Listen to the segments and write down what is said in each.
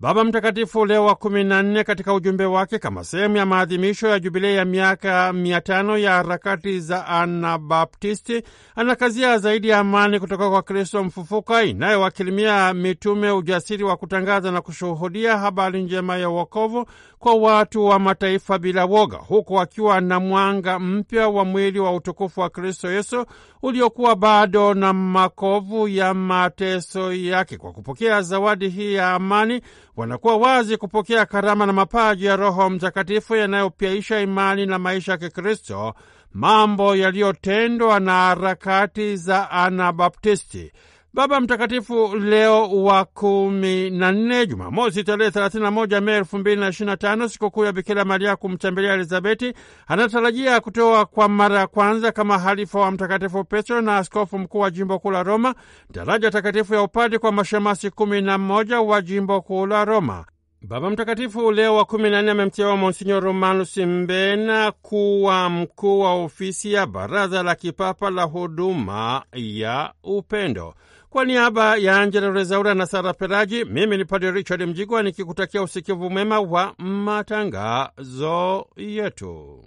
Baba Mtakatifu Leo wa kumi na nne katika ujumbe wake kama sehemu ya maadhimisho ya jubilei ya miaka mia tano ya harakati za Anabaptisti anakazia zaidi ya amani kutoka kwa Kristo mfufuka inayowakilimia mitume ujasiri wa kutangaza na kushuhudia habari njema ya wokovu kwa watu wa mataifa bila woga, huku akiwa na mwanga mpya wa mwili wa utukufu wa Kristo Yesu uliokuwa bado na makovu ya mateso yake. Kwa kupokea zawadi hii ya amani, wanakuwa wazi kupokea karama na mapaji ya Roho Mtakatifu yanayopyaisha imani na maisha ya Kikristo, mambo yaliyotendwa na harakati za Anabaptisti. Baba Mtakatifu Leo wa kumi na nne, Jumamosi tarehe 31 Mei 2025, sikukuu ya Bikira Maria kumtembelea Elizabeti, anatarajia kutoa kwa mara ya kwanza kama halifa wa Mtakatifu Petro na askofu mkuu wa jimbo kuu la Roma daraja takatifu ya upadi kwa mashemasi kumi na moja wa jimbo kuu la Roma. Baba Mtakatifu Leo wa kumi na nne amemteua Monsinyo Romanus Mbena kuwa mkuu wa ofisi ya Baraza la Kipapa la Huduma ya Upendo. Kwa niaba ya Angela Rezaura na Sara Peraji, mimi ni Padre Richard Mjigwa nikikutakia usikivu mwema wa matangazo yetu.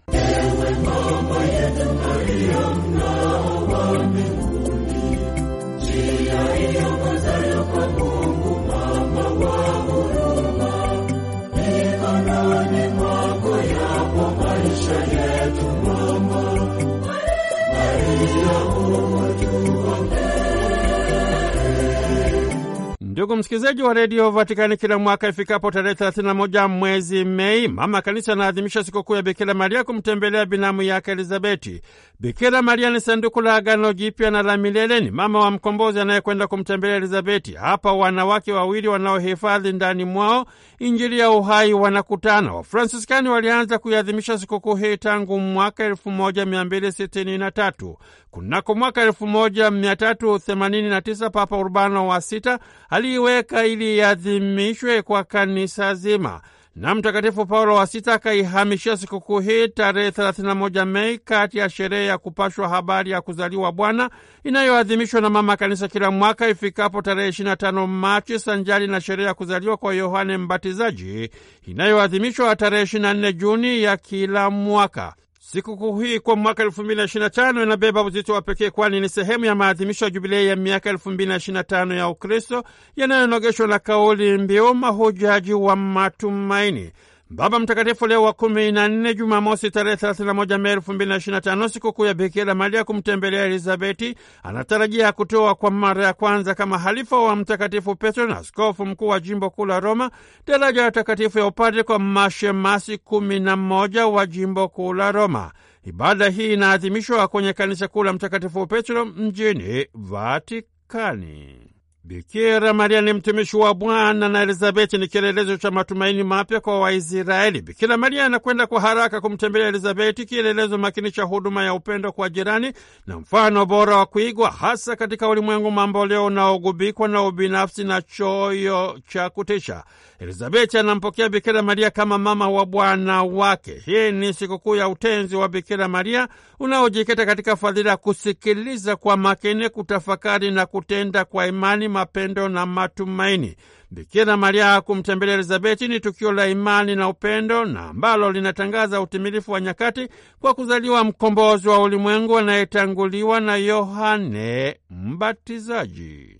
Ndugu msikilizaji wa redio Vatikani, kila mwaka ifikapo tarehe 31 mwezi Mei, mama kanisa anaadhimisha sikukuu ya Bikira Maria kumtembelea binamu yake Elizabeti. Bikira Maria ni sanduku la agano jipya na la milele, ni mama wa mkombozi anayekwenda kumtembelea Elizabeti. Hapa wanawake wawili wanaohifadhi ndani mwao Injili ya uhai wanakutana. Wafransiskani walianza kuiadhimisha sikukuu hii tangu mwaka 1263. Kunako mwaka 1389 Papa Urbano wa sita aliiweka ili iadhimishwe kwa kanisa zima na Mtakatifu Paulo wa Sita akaihamishia sikukuu hii tarehe 31 Mei kati ya sherehe ya kupashwa habari ya kuzaliwa Bwana inayoadhimishwa na Mama Kanisa kila mwaka ifikapo tarehe 25 Machi, sanjari na sherehe ya kuzaliwa kwa Yohane Mbatizaji inayoadhimishwa tarehe 24 Juni ya kila mwaka. Sikukuu hii kwa mwaka 2025 inabeba uzito wa pekee, kwani ni sehemu ya maadhimisho ya jubilei ya miaka 2025 ya Ukristo yanayonogeshwa na kauli mbiu mahujaji wa matumaini. Baba Mtakatifu Leo wa kumi na nne, Jumamosi tarehe 31 Mei 2025, sikukuu ya Bikira Maria kumtembelea Elizabeti, anatarajia kutoa kwa mara ya kwanza kama halifa wa Mtakatifu Petro na askofu mkuu wa jimbo kuu la Roma daraja ya takatifu ya upadre kwa mashemasi kumi na mmoja wa jimbo kuu la Roma. Ibada hii inaadhimishwa kwenye kanisa kuu la Mtakatifu Petro mjini Vatikani. Bikira Maria ni mtumishi wa Bwana na Elizabeti ni kielelezo cha matumaini mapya kwa Waisraeli. Bikira Maria anakwenda kwa haraka kumtembelea Elizabeti, kielelezo makini cha huduma ya upendo kwa jirani na mfano bora wa kuigwa, hasa katika ulimwengu mamboleo unaogubikwa na ubinafsi na choyo cha kutisha. Elizabeti anampokea Bikira Maria kama mama wa Bwana wake. Hii ni sikukuu ya utenzi wa Bikira Maria unaojikita katika fadhila ya kusikiliza kwa makini, kutafakari na kutenda kwa imani mapendo na matumaini. Bikira Maria kumtembelea Elizabeti ni tukio la imani na upendo na ambalo linatangaza utimilifu wa nyakati kwa kuzaliwa mkombozi wa ulimwengu anayetanguliwa na Yohane Mbatizaji.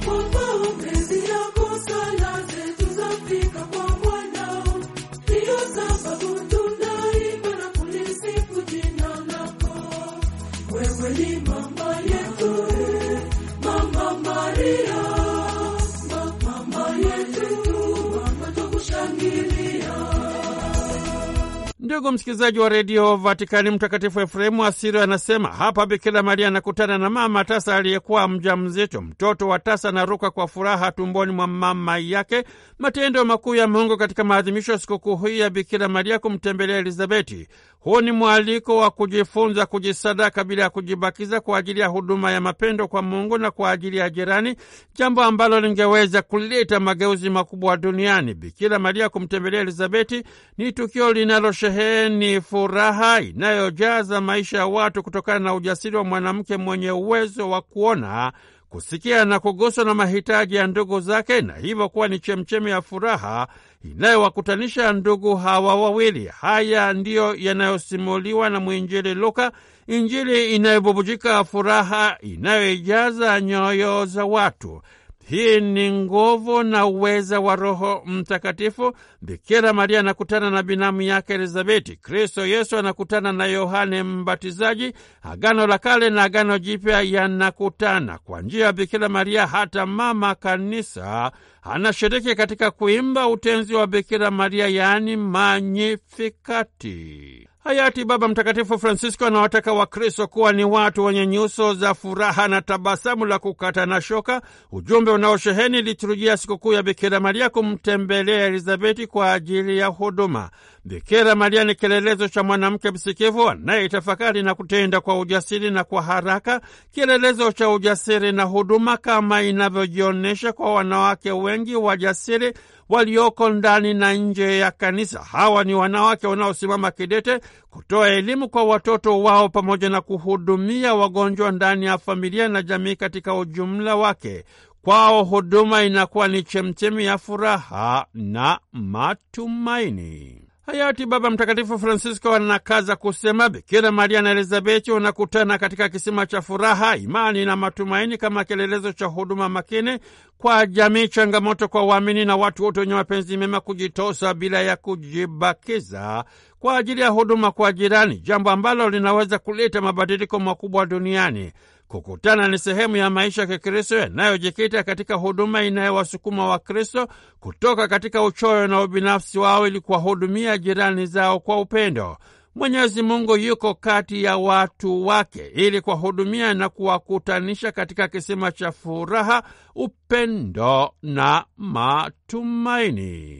Ndugu msikilizaji wa redio Vatikani, Mtakatifu efrahimu asiro anasema hapa Bikira Maria anakutana na mama tasa aliyekuwa mja mzito. Mtoto wa tasa anaruka kwa furaha tumboni mwa mama yake. Matendo makuu ya Mungu katika maadhimisho ya sikukuu hii ya Bikira Maria kumtembelea Elizabeti. Huu ni mwaliko wa kujifunza kujisadaka bila ya kujibakiza kwa ajili ya huduma ya mapendo kwa Mungu na kwa ajili ya jirani, jambo ambalo lingeweza kuleta mageuzi makubwa duniani. Bikira Maria kumtembelea Elizabeti ni tukio linalosheheni furaha inayojaza maisha ya watu kutokana na ujasiri wa mwanamke mwenye uwezo wa kuona kusikia na kuguswa na mahitaji ya ndugu zake na hivyo kuwa ni chemchemi ya furaha inayowakutanisha ndugu hawa wawili. Haya ndiyo yanayosimuliwa na mwinjili Luka, Injili inayobubujika furaha inayoijaza nyoyo za watu. Hii ni nguvu na uweza wa Roho Mtakatifu. Bikira Maria anakutana na binamu yake Elizabeti. Kristo Yesu anakutana na Yohane Mbatizaji. Agano la Kale na Agano Jipya yanakutana kwa njia ya Bikira Maria. Hata Mama Kanisa anashiriki katika kuimba utenzi wa Bikira Maria, yaani Magnifikati. Hayati Baba Mtakatifu Francisco anawataka Wakristo kuwa ni watu wenye nyuso za furaha na tabasamu la kukata na shoka, ujumbe unaosheheni liturujia sikukuu ya Bikira Maria kumtembelea Elizabeti kwa ajili ya huduma. Bikira Maria ni kielelezo cha mwanamke msikivu anayetafakari na kutenda kwa ujasiri na kwa haraka, kielelezo cha ujasiri na huduma kama inavyojionyesha kwa wanawake wengi wajasiri walioko ndani na nje ya kanisa. Hawa ni wanawake wanaosimama kidete kutoa elimu kwa watoto wao pamoja na kuhudumia wagonjwa ndani ya familia na jamii katika ujumla wake. Kwao huduma inakuwa ni chemchemi ya furaha na matumaini. Hayati Baba Mtakatifu Francisco anakaza kusema Bikira Maria na Elizabeti wanakutana katika kisima cha furaha, imani na matumaini kama kielelezo cha huduma makini kwa jamii, changamoto kwa waamini na watu wote wenye mapenzi mema, kujitosa bila ya kujibakiza kwa ajili ya huduma kwa jirani, jambo ambalo linaweza kuleta mabadiliko makubwa duniani. Kukutana ni sehemu ya maisha ya Kikristo yanayojikita katika huduma inayowasukuma Wakristo kutoka katika uchoyo na ubinafsi wao ili kuwahudumia jirani zao kwa upendo. Mwenyezi Mungu yuko kati ya watu wake ili kuwahudumia na kuwakutanisha katika kisima cha furaha, upendo na matumaini.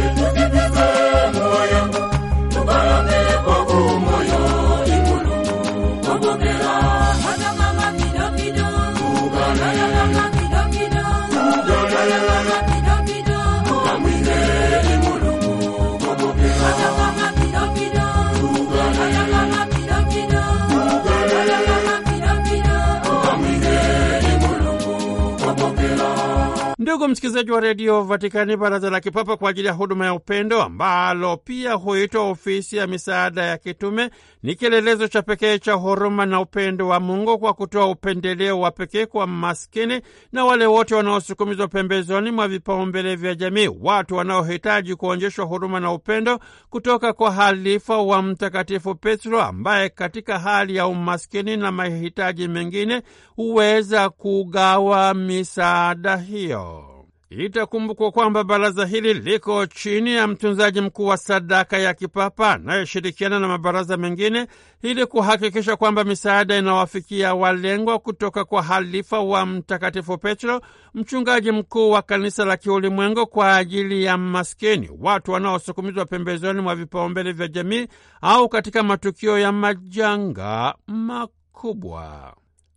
Ndugu msikilizaji wa redio Vatikani, baraza la kipapa kwa ajili ya huduma ya upendo ambalo pia huitwa ofisi ya misaada ya kitume ni kielelezo cha pekee cha huruma na upendo wa Mungu kwa kutoa upendeleo wa pekee kwa maskini na wale wote wanaosukumizwa pembezoni mwa vipaumbele vya jamii, watu wanaohitaji kuonjeshwa huruma na upendo kutoka kwa halifa wa Mtakatifu Petro ambaye katika hali ya umaskini na mahitaji mengine huweza kugawa misaada hiyo. Itakumbukwa kwamba baraza hili liko chini ya mtunzaji mkuu wa sadaka ya kipapa anayeshirikiana na mabaraza mengine ili kuhakikisha kwamba misaada inawafikia walengwa kutoka kwa halifa wa Mtakatifu Petro, mchungaji mkuu wa kanisa la kiulimwengu kwa ajili ya maskini, watu wanaosukumizwa pembezoni mwa vipaumbele vya jamii au katika matukio ya majanga makubwa.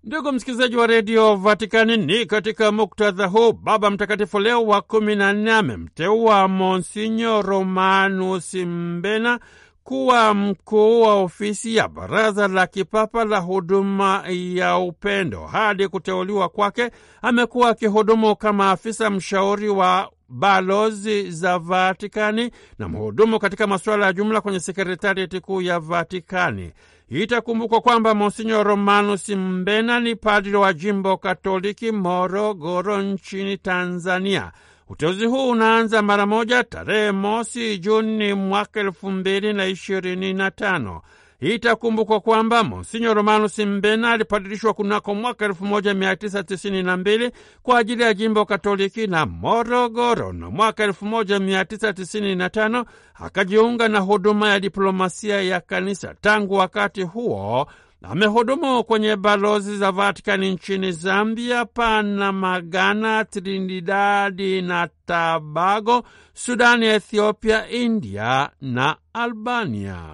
Ndugu msikilizaji wa redio Vatikani, ni katika muktadha huu Baba Mtakatifu Leo wa kumi na nne amemteua Monsinyo Romanus Mbena kuwa mkuu wa ofisi ya Baraza la Kipapa la Huduma ya Upendo. Hadi kuteuliwa kwake, amekuwa akihudumu kama afisa mshauri wa balozi za Vatikani na mhudumu katika masuala ya jumla kwenye sekretarieti kuu ya Vatikani. Itakumbukwa kwamba Monsinyo Romanus Mbena ni padri wa jimbo Katoliki Morogoro nchini Tanzania. Uteuzi huu unaanza mara moja tarehe mosi Juni mwaka elfu mbili na ishirini na tano. Itakumbukwa kwamba Monsinyo Romanus Mbena alipadirishwa kunako mwaka 1992 kwa ajili ya jimbo Katoliki la Morogoro, na mwaka 1995 akajiunga na huduma ya diplomasia ya kanisa. Tangu wakati huo amehudumu kwenye balozi za Vatikani nchini Zambia, Panama, Ghana, Trinidadi na Tabago, Sudani, Ethiopia, India na Albania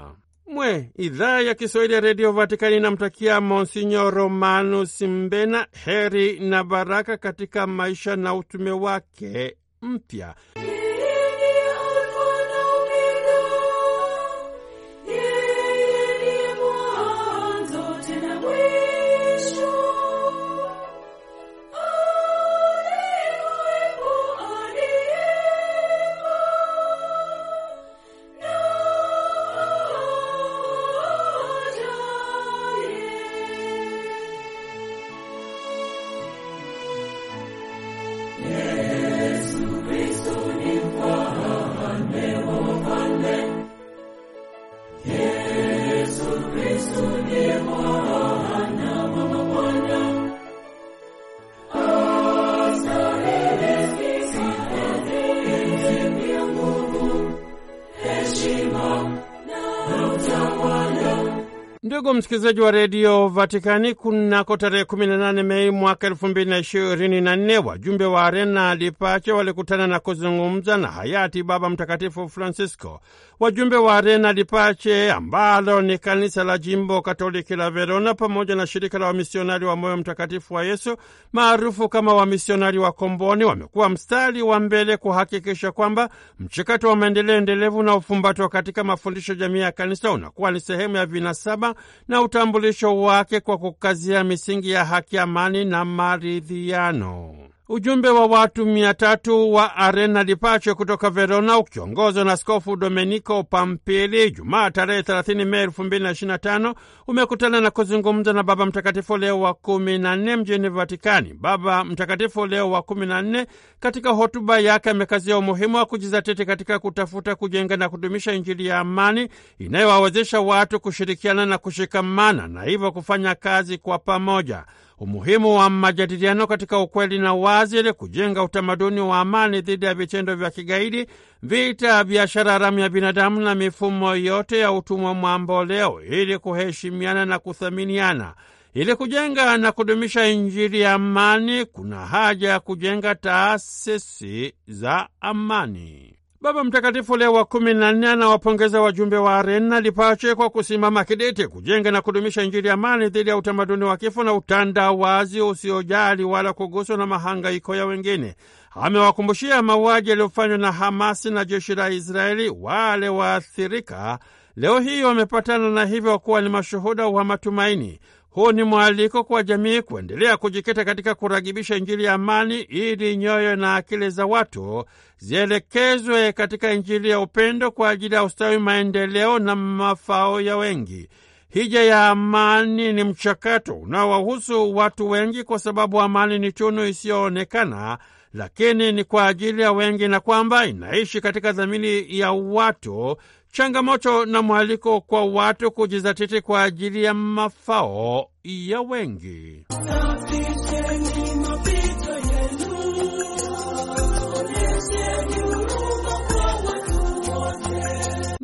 mwe. Idhaa ya Kiswahili ya Redio Vatikani inamtakia Monsinyo Romanus Mbena heri na baraka katika maisha na utume wake mpya. msikilizaji wa redio Vatikani, kunako tarehe 18 Mei mwaka 2024 wajumbe wa Arena Lipache walikutana na kuzungumza na hayati Baba Mtakatifu Francisco. Wajumbe wa Arena Lipache, ambalo ni kanisa la jimbo katoliki la Verona, pamoja na shirika la wamisionari wa moyo mtakatifu wa Yesu maarufu kama wamisionari wa Komboni, wamekuwa mstari wa mbele kuhakikisha kwamba mchakato wa maendeleo endelevu na ufumbatwa katika mafundisho jamii ya kanisa unakuwa ni sehemu ya vinasaba na utambulisho wake kwa kukazia misingi ya haki, amani na maridhiano. Ujumbe wa watu mia tatu wa Arena pace kutoka Verona ukiongozwa na Askofu Domenico Pampili Jumaa tarehe 30 Mei tano umekutana na kuzungumza na Baba Mtakatifu Leo wa 14 mjini Vatikani. Baba Mtakatifu Leo wa 14 katika hotuba yake amekazia umuhimu wa kujizatiti katika kutafuta, kujenga na kudumisha Injili ya amani inayowawezesha watu kushirikiana na kushikamana na hivyo kufanya kazi kwa pamoja umuhimu wa majadiliano katika ukweli na wazi ili kujenga utamaduni wa amani dhidi ya vitendo vya kigaidi, vita, biashara haramu ya binadamu na mifumo yote ya utumwa mamboleo, ili kuheshimiana na kuthaminiana. Ili kujenga na kudumisha Injili ya amani, kuna haja ya kujenga taasisi za amani. Baba Mtakatifu Leo wa kumi na nne anawapongeza wajumbe wa Arena Lipache kwa kusimama kidete kujenga na kudumisha Injili ya amani dhidi ya utamaduni wa kifo na utandawazi usiojali wala kuguswa na mahangaiko ya wengine. Amewakumbushia mauaji yaliyofanywa na Hamasi na jeshi la Israeli. Wale waathirika leo hii wamepatana na hivyo kuwa ni mashuhuda wa matumaini. Huu ni mwaliko kwa jamii kuendelea kujikita katika kuragibisha Injili ya amani ili nyoyo na akili za watu zielekezwe katika Injili ya upendo kwa ajili ya ustawi, maendeleo na mafao ya wengi. Hija ya amani ni mchakato unaowahusu watu wengi, kwa sababu amani ni tunu isiyoonekana lakini ni kwa ajili ya wengi, na kwamba inaishi katika dhamiri ya watu, changamoto na mwaliko kwa watu kujizatiti kwa ajili ya mafao ya wengi.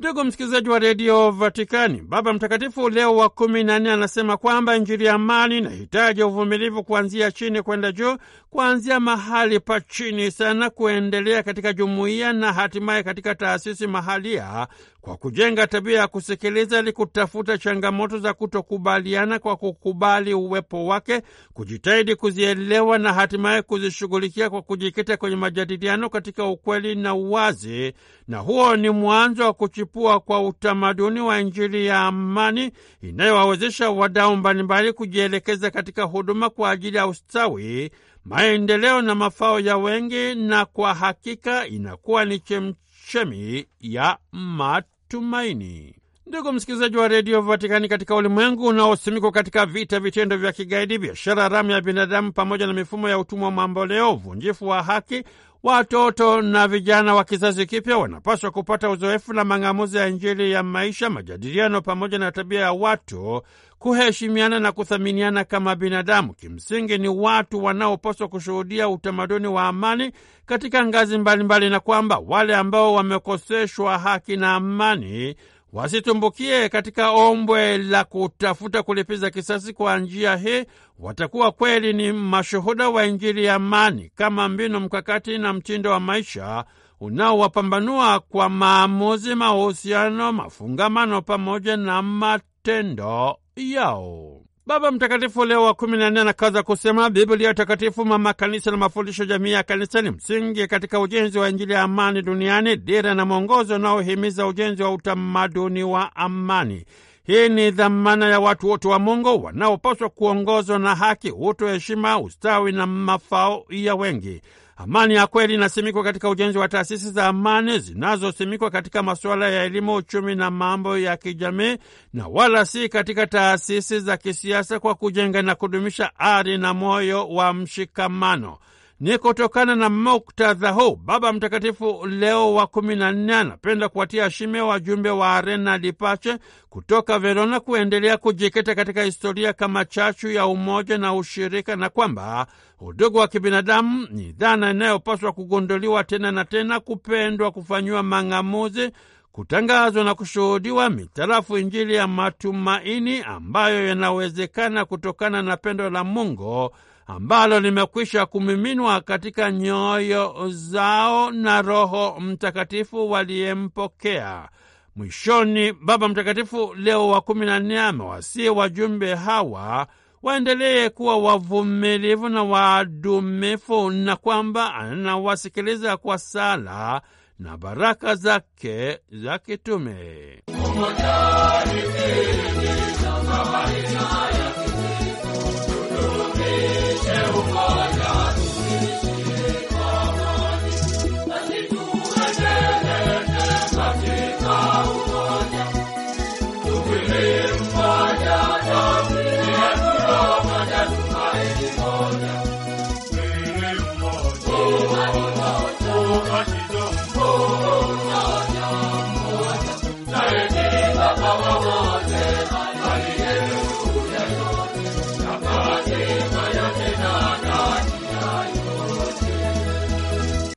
ndugu msikilizaji wa redio Vatikani, Baba Mtakatifu Leo wa kumi na nne anasema kwamba Injili ya amani inahitaji uvumilivu kuanzia chini kwenda juu, kuanzia mahali pa chini sana kuendelea katika jumuiya na hatimaye katika taasisi mahalia kwa kujenga tabia ya kusikiliza ili kutafuta changamoto za kutokubaliana kwa kukubali uwepo wake, kujitahidi kuzielewa na hatimaye kuzishughulikia kwa kujikita kwenye majadiliano katika ukweli na uwazi. Na huo ni mwanzo wa kuchipua kwa utamaduni wa Injili ya amani inayowawezesha wadau mbalimbali kujielekeza katika huduma kwa ajili ya ustawi, maendeleo na mafao ya wengi, na kwa hakika inakuwa ni chemchemi ya mat tumaini. Ndugu msikilizaji wa redio Vatikani, katika ulimwengu unaosimikwa katika vita, vitendo vya kigaidi, biashara haramu ya binadamu, pamoja na mifumo ya utumwa mamboleo, uvunjifu wa haki, watoto na vijana wa kizazi kipya wanapaswa kupata uzoefu na mang'amuzi ya Injili ya maisha, majadiliano pamoja na tabia ya watu kuheshimiana na kuthaminiana kama binadamu. Kimsingi ni watu wanaopaswa kushuhudia utamaduni wa amani katika ngazi mbalimbali mbali, na kwamba wale ambao wamekoseshwa haki na amani wasitumbukie katika ombwe la kutafuta kulipiza kisasi. Kwa njia hii watakuwa kweli ni mashuhuda wa Injili ya amani kama mbinu mkakati na mtindo wa maisha unaowapambanua kwa maamuzi, mahusiano, mafungamano pamoja na matendo yao. Baba Mtakatifu Leo wa kumi na nne anakaza kusema Biblia Takatifu, mama kanisa na mafundisho jamii ya kanisa ni msingi katika ujenzi wa Injili ya amani duniani, dira na mwongozo unaohimiza ujenzi wa utamaduni wa amani. Hii ni dhamana ya watu wote wa Mungu wanaopaswa kuongozwa na haki, utu, heshima, ustawi na mafao ya wengi. Amani ya kweli inasimikwa katika ujenzi wa taasisi za amani zinazosimikwa katika masuala ya elimu, uchumi na mambo ya kijamii, na wala si katika taasisi za kisiasa, kwa kujenga na kudumisha ari na moyo wa mshikamano. Ni kutokana na muktadha huu, Baba Mtakatifu Leo wa kumi na nne anapenda kuwatia shime wajumbe wa Arena di Pace kutoka Verona kuendelea kujikita katika historia kama chachu ya umoja na ushirika, na kwamba udugu wa kibinadamu ni dhana inayopaswa kugunduliwa tena na tena, kupendwa, kufanyiwa mang'amuzi kutangazwa na kushuhudiwa mitarafu Injili ya matumaini ambayo yanawezekana kutokana na pendo la Mungu ambalo limekwisha kumiminwa katika nyoyo zao na Roho Mtakatifu waliyempokea. Mwishoni, Baba Mtakatifu Leo wa kumi na nne amewasihi wajumbe hawa waendelee kuwa wavumilivu na waadumifu, na kwamba anawasikiliza kwa sala na baraka zake za kitume.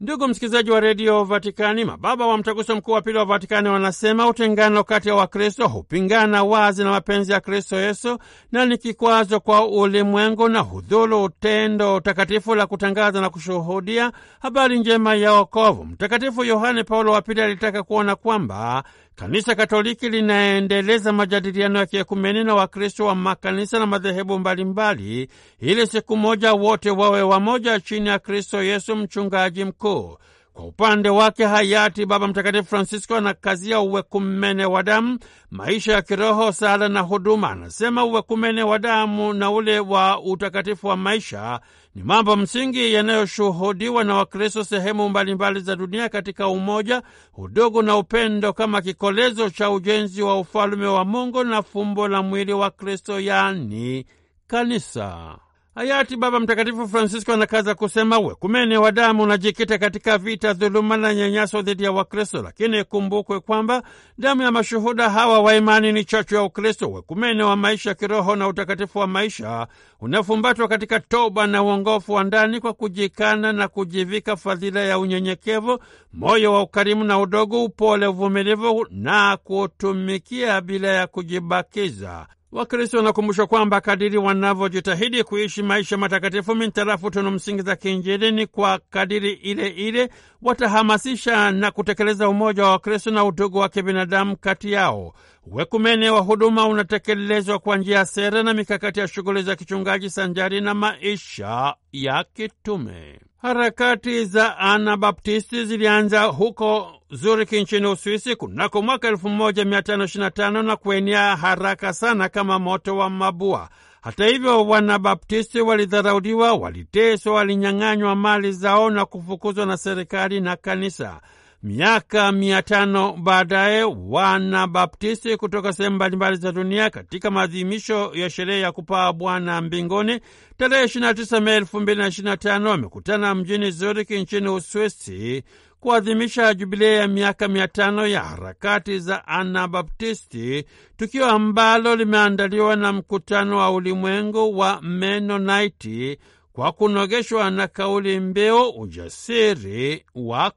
Ndugu msikilizaji wa redio Vatikani, mababa wa mtaguso mkuu wa pili wa Vatikani wanasema utengano kati ya Wakristo hupingana wazi na mapenzi ya Kristo Yesu na ni kikwazo kwa ulimwengu na hudhuru utendo takatifu la kutangaza na kushuhudia habari njema ya wokovu. Mtakatifu Yohane Paulo wa Pili alitaka kuona kwamba Kanisa Katoliki linaendeleza majadiliano ya kiekumeni na Wakristo wa makanisa na madhehebu mbalimbali ili siku moja wote wawe wamoja chini ya Kristo Yesu mchungaji mkuu. Kwa upande wake hayati Baba Mtakatifu Francisco anakazia uwekumene wa damu, maisha ya kiroho, sala na huduma. Anasema uwekumene wa damu na ule wa utakatifu wa maisha ni mambo msingi yanayoshuhudiwa na Wakristo sehemu mbalimbali za dunia katika umoja, udugu na upendo kama kikolezo cha ujenzi wa ufalume wa Mungu na fumbo la mwili wa Kristo, yaani kanisa. Hayati Baba Mtakatifu Francisco anakaza kusema wekumene wa damu unajikita katika vita, dhuluma na nyanyaso dhidi ya Wakristo, lakini kumbukwe kwamba damu ya mashuhuda hawa wa imani ni chachu ya Ukristo. Wekumene wa maisha kiroho na utakatifu wa maisha unafumbatwa katika toba na uongofu wa ndani kwa kujikana na kujivika fadhila ya unyenyekevu, moyo wa ukarimu na udogo, upole, uvumilivu na kutumikia bila ya kujibakiza. Wakristo wanakumbushwa kwamba kadiri wanavyojitahidi kuishi maisha matakatifu mintarafu tunu msingi za kiinjili, ni kwa kadiri ile ile watahamasisha na kutekeleza umoja wa Wakristo na udugu wa kibinadamu kati yao. Wekumene wa huduma unatekelezwa kwa njia ya sera na mikakati ya shughuli za kichungaji sanjari na maisha ya kitume. Harakati za Anabaptisti zilianza huko Zuriki nchini Uswisi kunako mwaka 1525 na kuenea haraka sana kama moto wa mabua. Hata hivyo, Wanabaptisti walidharauliwa, waliteswa, walinyang'anywa mali zao na kufukuzwa na serikali na kanisa. Miaka mia tano baadaye Wanabaptisti kutoka sehemu mbalimbali za dunia katika maadhimisho ya sherehe ya kupaa Bwana mbinguni tarehe 29 Mei 2025 wamekutana mjini Zurich nchini Uswisi kuadhimisha jubilei ya miaka mia tano ya harakati za Anabaptisti, tukio ambalo limeandaliwa na mkutano wa ulimwengu wa Menonaiti kwa kunogeshwa na kauli mbiu ujasiri wa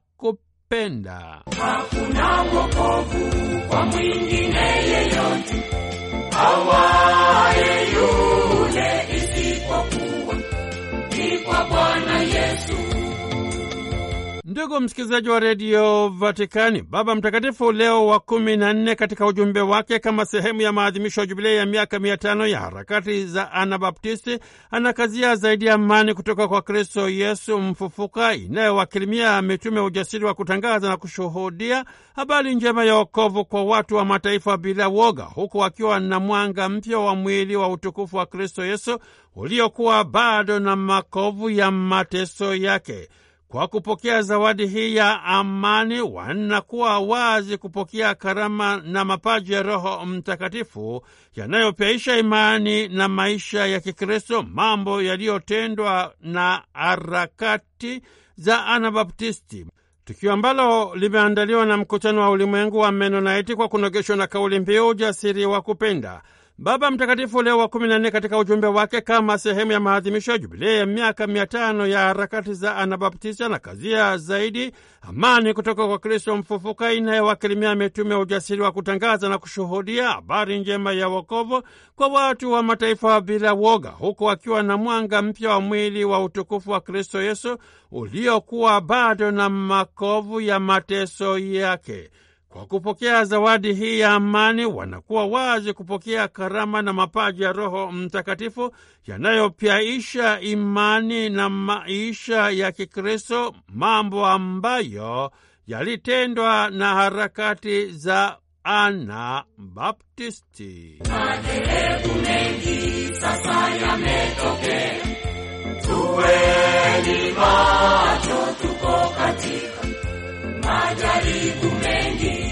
kupenda. Hakuna wokovu kwa mwingine yeyote awaye yule, isipokuwa ni kwa Bwana Yesu. Ndugu msikilizaji wa redio Vatikani, Baba Mtakatifu Leo wa kumi na nne katika ujumbe wake kama sehemu ya maadhimisho ya jubilei ya miaka mia tano ya harakati za Anabaptisti anakazia zaidi ya amani kutoka kwa Kristo Yesu mfufuka inayowakilimia mitume ujasiri wa kutangaza na kushuhudia habari njema ya wokovu kwa watu wa mataifa bila woga, huku akiwa na mwanga mpya wa mwili wa utukufu wa Kristo Yesu uliokuwa bado na makovu ya mateso yake. Kwa kupokea zawadi hii ya amani, wanakuwa wazi kupokea karama na mapaji ya Roho Mtakatifu yanayopyaisha imani na maisha ya Kikristo, mambo yaliyotendwa na harakati za Anabaptisti, tukio ambalo limeandaliwa na mkutano wa ulimwengu wa menonaiti kwa kunogeshwa na kauli mbiu ujasiri wa kupenda. Baba Mtakatifu Leo wa kumi na nne katika ujumbe wake kama sehemu ya maadhimisho ya jubilei ya miaka mia tano ya harakati za Anabaptista na kazia zaidi amani kutoka kwa Kristo mfufuka inayowakirimia mitume ujasiri wa kutangaza na kushuhudia habari njema ya wokovu kwa watu wa mataifa bila woga, huku akiwa na mwanga mpya wa mwili wa utukufu wa Kristo Yesu uliokuwa bado na makovu ya mateso yake. Kwa kupokea zawadi hii ya amani, wanakuwa wazi kupokea karama na mapaji ya Roho Mtakatifu yanayopyaisha imani na maisha ya Kikristo, mambo ambayo yalitendwa na harakati za ana Madhehebu mengi sasa yametokea, tuweni macho, tuko katika majaribu mengi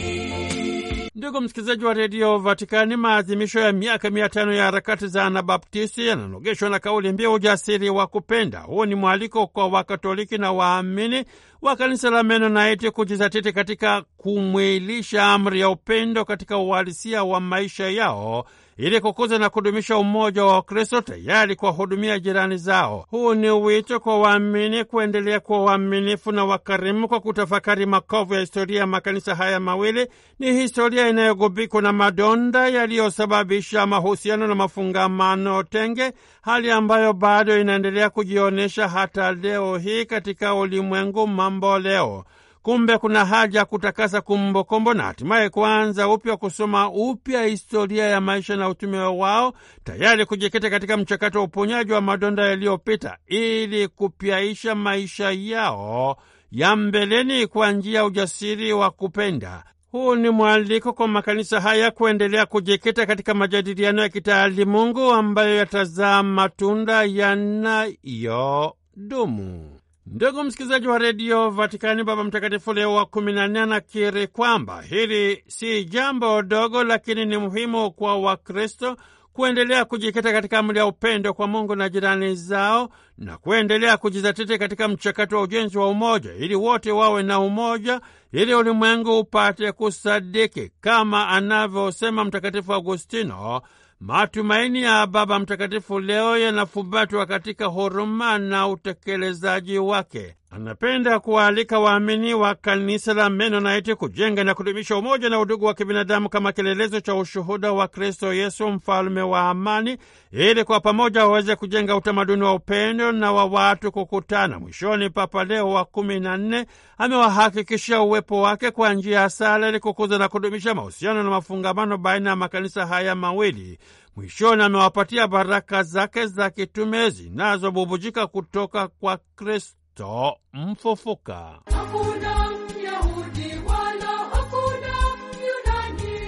Ndugu msikilizaji wa redio Vatikani, maadhimisho ya miaka mia tano ya harakati za Anabaptisti yananogeshwa na kauli mbiu ujasiri wa kupenda. Huu ni mwaliko kwa Wakatoliki na waamini wa kanisa la Menonaiti kujizatiti katika kumwilisha amri ya upendo katika uhalisia wa maisha yao ili kukuza na kudumisha umoja wa Wakristo tayari kuwahudumia jirani zao. Huu ni wito kwa waamini kuendelea kuwa waaminifu na wakarimu kwa kutafakari makovu ya historia ya makanisa haya mawili. Ni historia inayogubikwa na madonda yaliyosababisha mahusiano na mafungamano tenge, hali ambayo bado inaendelea kujionyesha hata leo hii katika ulimwengu mambo leo. Kumbe kuna haja ya kutakasa kumbokombo na hatimaye kuanza upya, kusoma upya historia ya maisha na utume wao, tayari kujikita katika mchakato wa uponyaji wa madonda yaliyopita, ili kupyaisha maisha yao ya mbeleni kwa njia ya ujasiri wa kupenda. Huu ni mwaliko kwa makanisa haya kuendelea kujikita katika majadiliano ya kitaalimungu ambayo yatazaa matunda yanayodumu. Ndugu msikilizaji wa redio Vatikani, Baba Mtakatifu Leo wa kumi na nne anakiri kwamba hili si jambo dogo, lakini ni muhimu kwa Wakristo kuendelea kujikita katika amri ya upendo kwa Mungu na jirani zao na kuendelea kujizatiti katika mchakato wa ujenzi wa umoja, ili wote wawe na umoja, ili ulimwengu upate kusadiki kama anavyosema Mtakatifu Agustino Matumaini ya Baba Mtakatifu leo yanafubatwa katika huruma na utekelezaji wake anapenda kuwaalika waamini wa kanisa la Mennonite kujenga na kudumisha umoja na udugu wa kibinadamu kama kielelezo cha ushuhuda wa Kristo Yesu, mfalme wa amani, ili kwa pamoja waweze kujenga utamaduni wa upendo na wa watu kukutana. Mwishoni, Papa Leo wa kumi na nne amewahakikishia uwepo wake kwa njia ya sala ili kukuza na kudumisha mahusiano na mafungamano baina ya makanisa haya mawili. Mwishoni amewapatia baraka zake za kitume zinazobubujika kutoka kwa Kristo Kristo mfufuka. Hakuna Myahudi wala hakuna Myunani,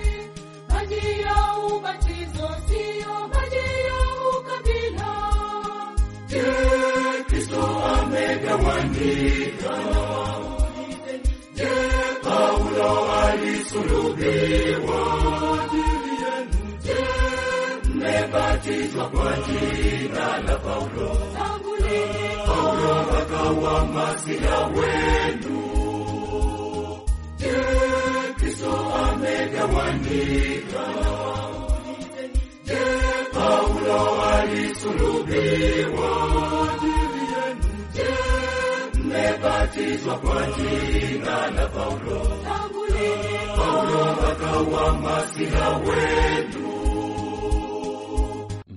maji ya ubatizo siyo maji ya ukabila. Je, Kristo amegawanyika? Je, Paulo alisulubiwa? Mmebatizwa kwa jina la Paulo? kuwahamasisha wenu. Je, Kristo amegawanyika? Je, Paulo alisulubiwa? Je, mmebatizwa kwa jina la Paulo? Paulo akawahamasisha wenu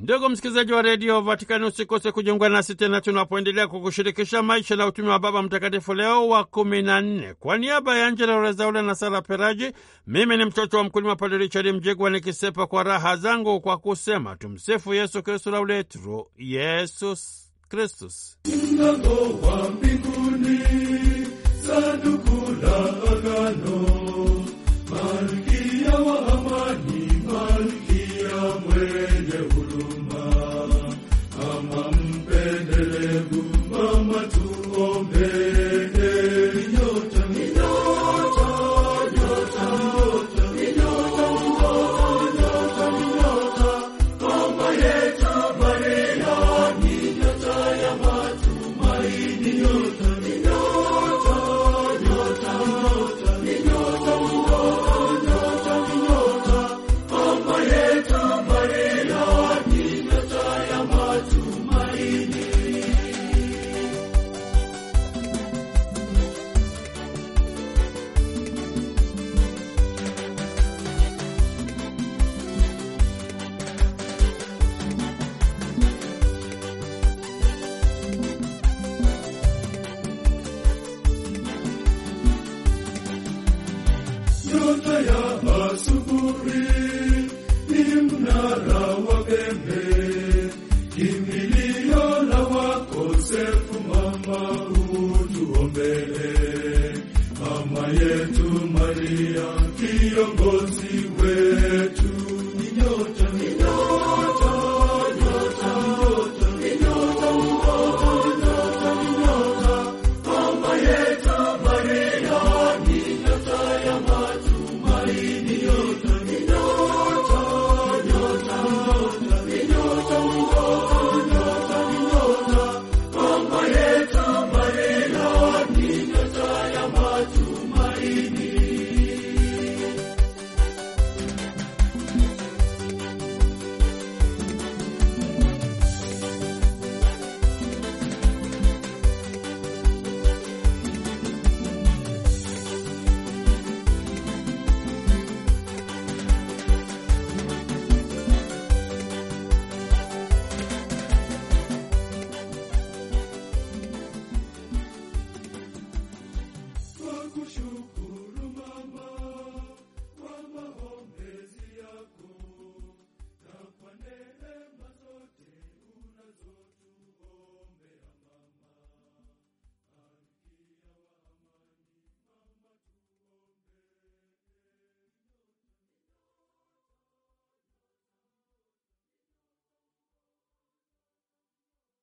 Ndugu msikilizaji wa redio Vatikani, usikose kujiunga nasi tena tunapoendelea kukushirikisha maisha na utume wa Baba Mtakatifu Leo wa kumi na nne. Kwa niaba ya Angela Rezaula na Sara Peraji, mimi ni mtoto wa mkulima Padre Richard Mjigwa nikisepa kwa raha zangu kwa kusema tumsifu Yesu Kristu, lauletru Yesus Kristus. Sanduku la Agano, malkia